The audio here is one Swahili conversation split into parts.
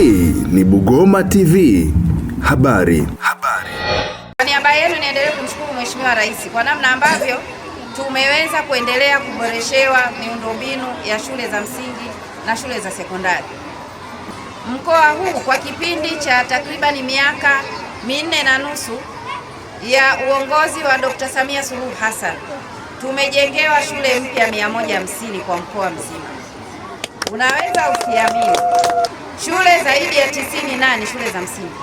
Hii ni Bugoma TV. Habari. Habari. Kwa niaba yenu niendelee kumshukuru Mheshimiwa Rais kwa namna ambavyo tumeweza kuendelea kuboreshewa miundombinu ya shule za msingi na shule za sekondari. Mkoa huu kwa kipindi cha takribani miaka minne na nusu ya uongozi wa Dr. Samia Suluhu Hassan tumejengewa shule mpya 150 kwa mkoa mzima unaweza usiamini, shule zaidi ya tisini na ni shule za msingi,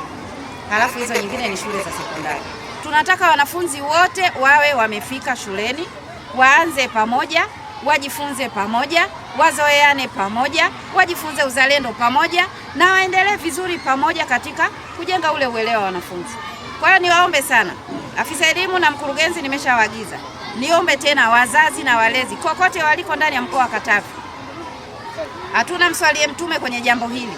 halafu hizo nyingine ni shule za sekondari. Tunataka wanafunzi wote wawe wamefika shuleni, waanze pamoja, wajifunze pamoja, wazoeane pamoja, wajifunze uzalendo pamoja, na waendelee vizuri pamoja katika kujenga ule uelewa wa wanafunzi. Kwa hiyo niwaombe sana, afisa elimu na mkurugenzi nimeshawaagiza, niombe tena wazazi na walezi kokote waliko ndani ya mkoa wa Katavi Hatuna mswalie mtume kwenye jambo hili.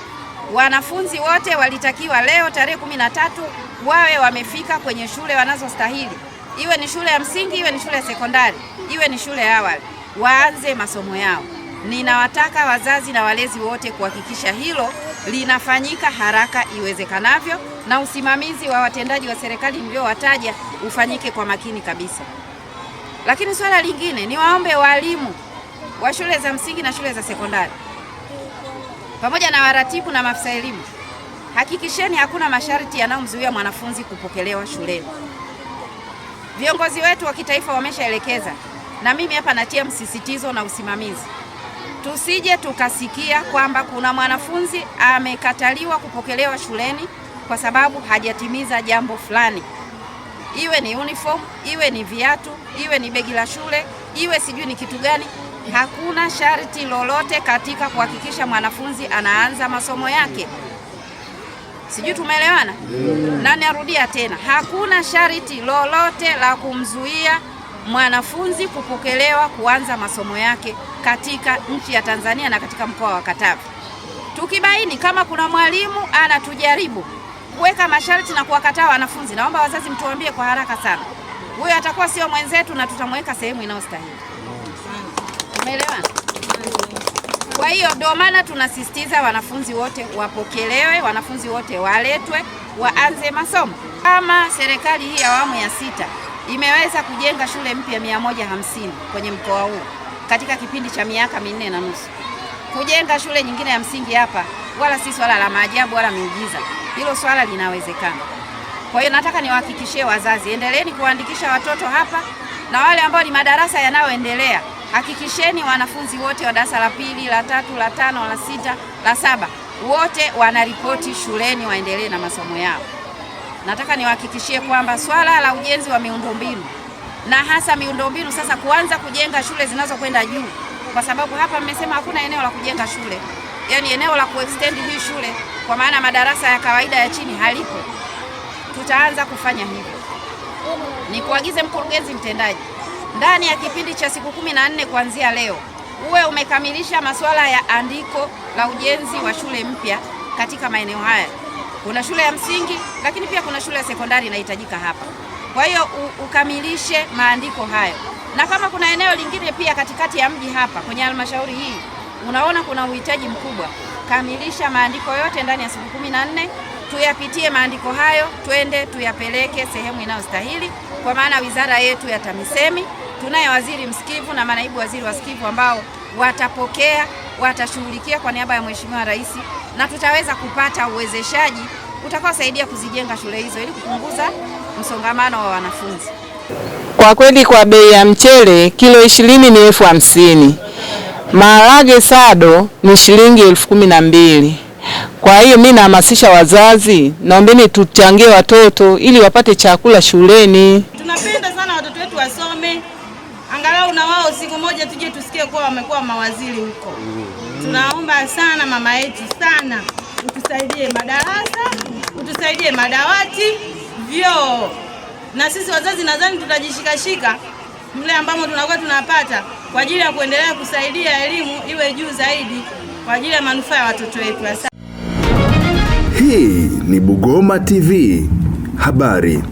Wanafunzi wote walitakiwa leo tarehe kumi na tatu wawe wamefika kwenye shule wanazostahili, iwe ni shule ya msingi, iwe ni shule ya sekondari, iwe ni shule ya awali, waanze masomo yao. Ninawataka wazazi na walezi wote kuhakikisha hilo linafanyika haraka iwezekanavyo, na usimamizi wa watendaji wa serikali niliowataja ufanyike kwa makini kabisa. Lakini swala lingine, niwaombe walimu wa shule za msingi na shule za sekondari pamoja na waratibu na maafisa elimu, hakikisheni hakuna masharti yanayomzuia mwanafunzi kupokelewa shuleni. Viongozi wetu wa kitaifa wameshaelekeza, na mimi hapa natia msisitizo na usimamizi, tusije tukasikia kwamba kuna mwanafunzi amekataliwa kupokelewa shuleni kwa sababu hajatimiza jambo fulani, iwe ni uniform, iwe ni viatu, iwe ni begi la shule, iwe sijui ni kitu gani hakuna sharti lolote katika kuhakikisha mwanafunzi anaanza masomo yake. Sijui tumeelewana? Mm. Na narudia tena, hakuna sharti lolote la kumzuia mwanafunzi kupokelewa kuanza masomo yake katika nchi ya Tanzania na katika mkoa wa Katavi. Tukibaini kama kuna mwalimu anatujaribu kuweka masharti na kuwakataa wanafunzi, naomba wazazi mtuambie kwa haraka sana. Huyo atakuwa sio mwenzetu na tutamweka sehemu inayostahili. Kwa hiyo ndio maana tunasisitiza wanafunzi wote wapokelewe, wanafunzi wote waletwe, waanze masomo. Kama serikali hii awamu ya sita imeweza kujenga shule mpya mia hamsini kwenye mkoa huu katika kipindi cha miaka minne na nusu, kujenga shule nyingine ya msingi hapa wala si swala la maajabu wala miujiza, hilo swala linawezekana. Kwa hiyo nataka niwahakikishie wazazi, endeleeni kuwaandikisha watoto hapa na wale ambao ni madarasa yanayoendelea hakikisheni wanafunzi wote wa darasa la pili, la tatu, la tano, la sita, la saba wote wanaripoti shuleni waendelee na masomo yao. Nataka niwahakikishie kwamba swala la ujenzi wa miundombinu na hasa miundombinu sasa kuanza kujenga shule zinazokwenda juu, kwa sababu hapa mmesema hakuna eneo la kujenga shule, yaani eneo la kuextend hii shule kwa maana madarasa ya kawaida ya chini halipo. Tutaanza kufanya hivyo. Nikuagize mkurugenzi mtendaji ndani ya kipindi cha siku kumi na nne kuanzia leo uwe umekamilisha masuala ya andiko la ujenzi wa shule mpya katika maeneo haya. Kuna shule ya msingi, lakini pia kuna shule ya sekondari inahitajika hapa. Kwa hiyo ukamilishe maandiko hayo, na kama kuna eneo lingine pia katikati ya mji hapa kwenye halmashauri hii unaona kuna uhitaji mkubwa, kamilisha maandiko yote ndani ya siku kumi na nne. Tuyapitie maandiko hayo, twende tuyapeleke sehemu inayostahili, kwa maana wizara yetu ya TAMISEMI tunaye waziri msikivu na manaibu waziri wasikivu ambao watapokea, watashughulikia kwa niaba ya Mheshimiwa Rais na tutaweza kupata uwezeshaji utakaosaidia kuzijenga shule hizo ili kupunguza msongamano wa wanafunzi. Kwa kweli kwa bei ya mchele kilo ishirini ni elfu hamsini maharage sado ni shilingi elfu kumi na mbili Kwa hiyo mi nahamasisha wazazi, naombeni tuchangie watoto ili wapate chakula shuleni angalau na wao siku moja tuje tusikie kuwa wamekuwa mawaziri huko. mm. Tunaomba sana mama yetu sana, utusaidie madarasa, utusaidie madawati, vyoo, na sisi wazazi nadhani tutajishikashika mle ambamo tunakuwa tunapata kwa ajili ya kuendelea kusaidia elimu iwe juu zaidi kwa ajili ya manufaa ya watoto wetu. Hii ni Bugoma TV habari.